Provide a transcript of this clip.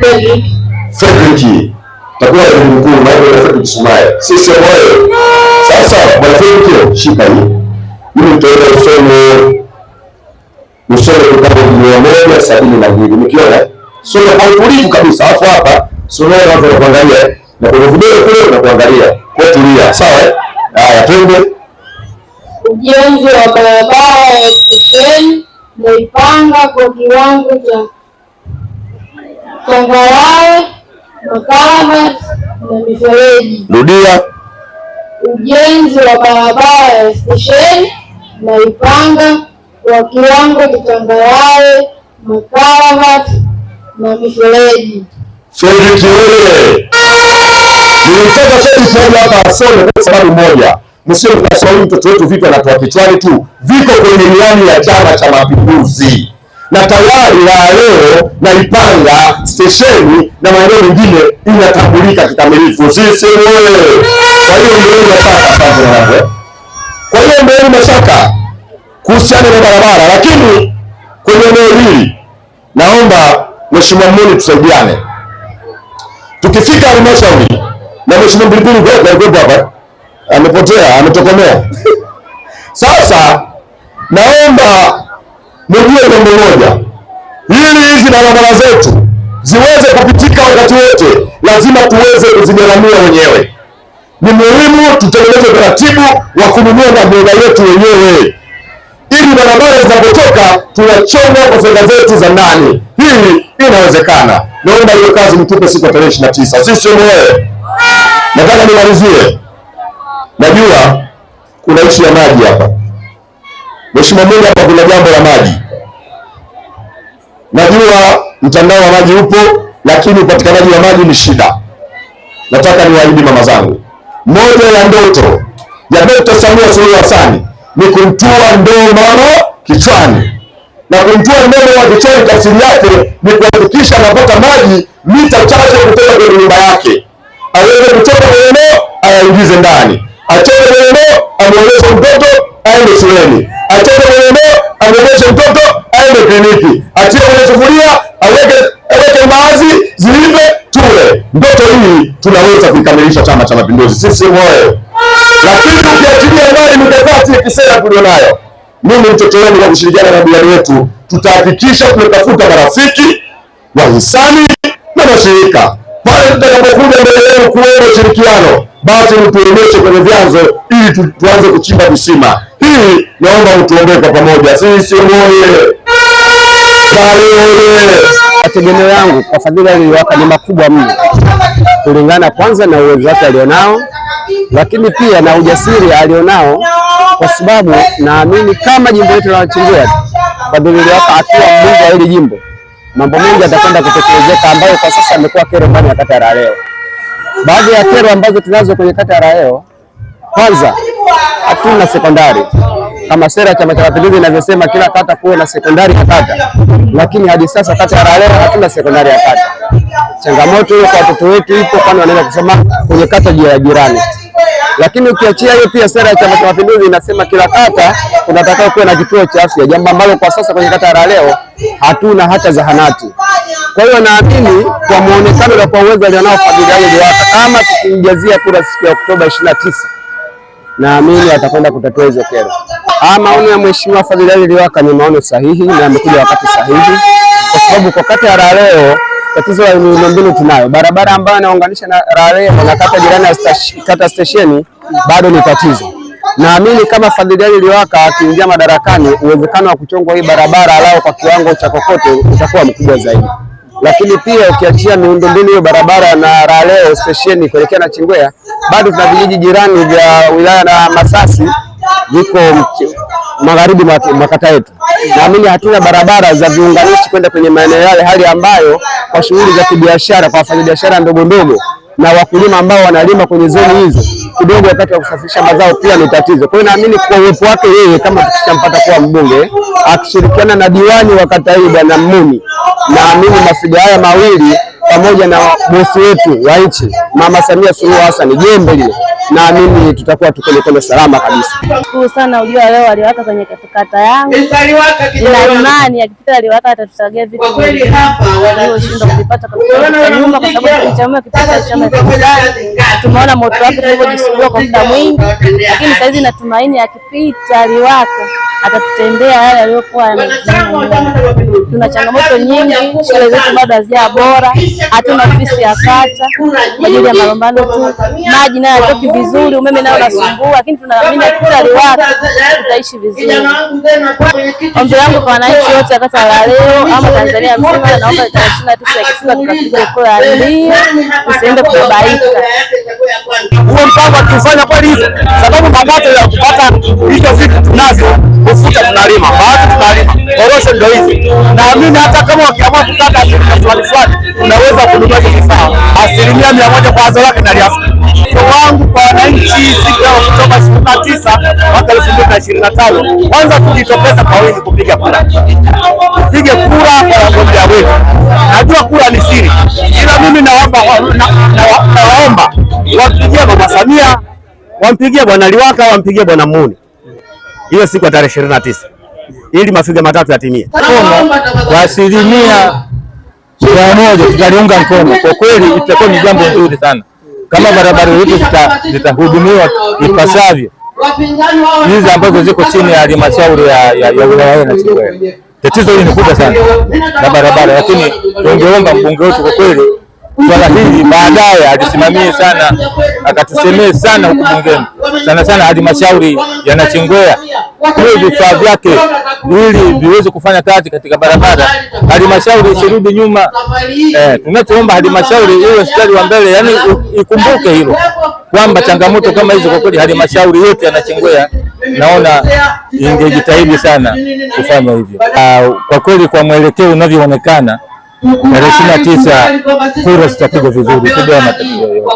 nani? Fredrick takuwa na mkuu maana Fredrick Sumaye sisi moyo. Sasa Fredrick, shika hii mimi nitaenda usome usome kitabu mia moja sabini na mbili nikiona soma kwa utulivu kabisa, alafu hapa soma watu wanakuangalia na kwa vidole kule wanakuangalia kwa tulia, sawa eh? Haya, twende. Ujenzi wa barabara ya Kisheni naipanga kwa kiwango cha changarawe, makame na mifereji. Rudia. Ujenzi wa barabara ya stesheni na Ipanga wa kiwango cha changarawe, makaravati na mifereji. Serikali nilitaka sote sehemu hapa asome kwa sababu moja, msio sababu mtoto wetu vipi anatoa kichwani tu, viko kwenye miani ya Chama cha Mapinduzi na tayari leo na Ipanga stesheni na maeneo mengine inatambulika kikamilifu. Sisi wewe, kwa hiyo ndio mashaka. Kwa hiyo ndio mashaka kuhusiana na barabara, lakini kwenye eneo hili naomba mheshimiwa mmoja tusaidiane, tukifika halmashauri na mheshimiwa Mbilipili alikuwepo hapa, amepotea ametokomea. Sasa naomba nijue jambo moja, ili hizi barabara zetu ziweze kupitika wakati wote, lazima tuweze kuzigharamia wenyewe. Ni muhimu tutengeneze utaratibu wa kununua maboda yetu wenyewe, ili barabara zinapotoka tunachonga kwa fedha zetu za ndani. hili inawezekana. Naomba hiyo kazi mtupe siku ya tarehe ishirini na tisa. Sisi mwenyewe nataka nimalizie, najua kuna ishi ya maji hapa. Mheshimiwa Mbunge, hapa kuna jambo la maji. Najua mtandao wa maji upo, lakini upatikanaji wa maji ni shida. Nataka niwaahidi mama zangu, moja ya ndoto ya Dkt. Samia Suluhu Hassan ni kumtua ndoo mama kichwani, na kumtua ndoo mama kichwani tafsiri yake ni kuhakikisha anapata maji mita chache kutoka kwenye nyumba yake, aweze kutoka kwenye ndoo ayaingize ndani, acheze kwenye ndoo amweleze mtoto aende shuleni achane kwenye ndoo, amwonyeshe mtoto, aende kliniki, achie kwenye sufuria, aweke aweke mbaazi zilive, tule. Ndoto hii tunaweza kuikamilisha Chama cha Mapinduzi, sisi moyo. Lakini ukiachilia mbali mikakati ya kisera tulionayo, mimi mtoto wenu, kwa kushirikiana na diwani wetu, tutahakikisha tumetafuta marafiki wahisani na mashirika pale tutakapokuja mbele yenu kuwemo ushirikiano, basi mtuonyeshe kwenye vyanzo ili tuanze kuchimba visima. Hii naomba mtuombee kwa pamoja, sisi moye Mategemeo yangu kwa Fadhili aliyowapa ni makubwa mno, kulingana kwanza na uwezo wake alionao, lakini pia na ujasiri alionao, kwa sababu naamini kama jimbo letu la Nachingwea Fadhili aliyowapa akiwa mbunge wa hili jimbo, mambo mengi atakwenda kutekelezeka, ambayo kwa sasa amekuwa kero ndani ya kata ya Raleo. Baadhi ya kero ambazo tunazo kwenye kata ya Raleo, kwanza hatuna sekondari kama sera ya Chama cha Mapinduzi inavyosema kila kata kuwe na sekondari ya kata, lakini hadi sasa kata ya Raleo hatuna sekondari ya kata. Changamoto hiyo kwa watoto wetu ipo, kwani wanaweza kusoma kwenye kata ya jirani. Lakini ukiachia hiyo, pia sera ya Chama cha Mapinduzi inasema kila kata kunatakiwa kuwe na kituo cha afya, jambo ambalo kwa sasa kwenye kata ya Raleo hatuna hata zahanati. Kwa hiyo naamini kwa muonekano na kwa uwezo alionao Fadhili Ayo Liwata, kama tukimjazia kura siku ya Oktoba ishirini na tisa naamini atakwenda kutatua hizo kero. Haya maono ya Mheshimiwa Fadhili Ali Liwaka ni maono sahihi na yamekuja wakati sahihi, kwa sababu kwa kata ya Raleo tatizo la miundombinu tunayo. Barabara ambayo inaunganisha na Raleo na kata jirani ya kata stesheni bado ni tatizo. Naamini kama Fadhili Ali Liwaka akiingia madarakani, uwezekano wa kuchongwa hii barabara lao kwa kiwango cha kokote utakuwa mkubwa zaidi lakini pia ukiachia miundombinu hiyo barabara na raleo stesheni kuelekea na Chingwea, bado tuna vijiji jirani vya wilaya na Masasi viko magharibi makata yetu. Naamini hatuna barabara za viunganishi kwenda kwenye maeneo yale, hali ambayo kwa shughuli za kibiashara kwa wafanyabiashara ndogo ndogo na wakulima ambao wanalima kwenye zoni hizo kidogo, wakati wa kusafisha mazao pia ni tatizo. Kwa hiyo naamini kwa uwepo wake yeye, kama tukishampata kuwa mbunge, akishirikiana na diwani wa kata hii bwana Mmuni Naamini mafiga haya mawili pamoja na bosi wetu wa nchi Mama Samia Suluhu Hassan jembe lile naamini tutakuwa tuko mikono salama kabisa. Shukuru sana, ujua leo waliwaka kwenye katikata yangu, ina imani akipita aliwaka atatusagea vitu kweli. Hapa kuvipata katika nyumba, kwa sababu chama kipata chama tumeona moto wake tulivyojisugua kwa muda mwingi, lakini saa hizi natumaini akipita aliwaka atatutendea yale yaliyokuwa. Tuna changamoto nyingi, shule zetu bado hazija bora, hatuna ofisi ya kata kwa ajili ya malumbano tu, maji nayo vizuri, umeme nao nasumbua, lakini tunaamini kila liwaka tutaishi vizuri. Ombi langu kwa wananchi wote wa kata la leo ama Tanzania mzima, naomba tarehe ishirini na tisa ya Kisiwa kura ya ndio, tusiende kubabaika. Huo mpango tufanya kweli hivi, sababu mapato ya kupata hicho vitu tunavyo, ufuta tunalima, baadhi tunalima Korosho ndio hizi. Naamini hata kama wakiamua kukata swali swali, unaweza kununua hizo vifaa asilimia mia moja kwa wazo wake lake naliafiki wangu kwa wananchi siku ya Oktoba 29 mwaka 2025, kwanza tujitokeza kwa wingi kupiga kura, tupige kura kwa wagombea wetu. Najua kura ni siri, ila mimi naomba nawaomba wampigie Mama Samia, wampigie Bwana Liwaka, wampigie Bwana Muni hiyo siku ya tarehe ishirini ili mafiga matatu yatimie. Kwa asilimia mia moja tutaliunga mkono kwa kweli, itakuwa ni jambo nzuri sana kama barabara zetu zitahudumiwa ipasavyo hizi ambazo ziko chini ya halmashauri ya wilaya na Chikwera. Tatizo hili ni kubwa sana na barabara, lakini tungeomba mbunge wetu kwa kweli swala hili baadaye alisimamie sana, akatusemee sana huku bungeni, sana sana halmashauri ya Nachingwea, hiyo vifaa vyake ili viweze kufanya kazi katika barabara, halmashauri isirudi nyuma. Eh, tunachoomba halmashauri iwe mstari wa mbele, yani ikumbuke hilo kwamba changamoto kama hizo kwa kweli halmashauri yetu ya Nachingwea naona ingejitahidi sana kufanya hivyo. Uh, kwa kweli kwa mwelekeo unavyoonekana tarehe ishirini na tisa kura zitapigwa vizuri, kugawa matokeo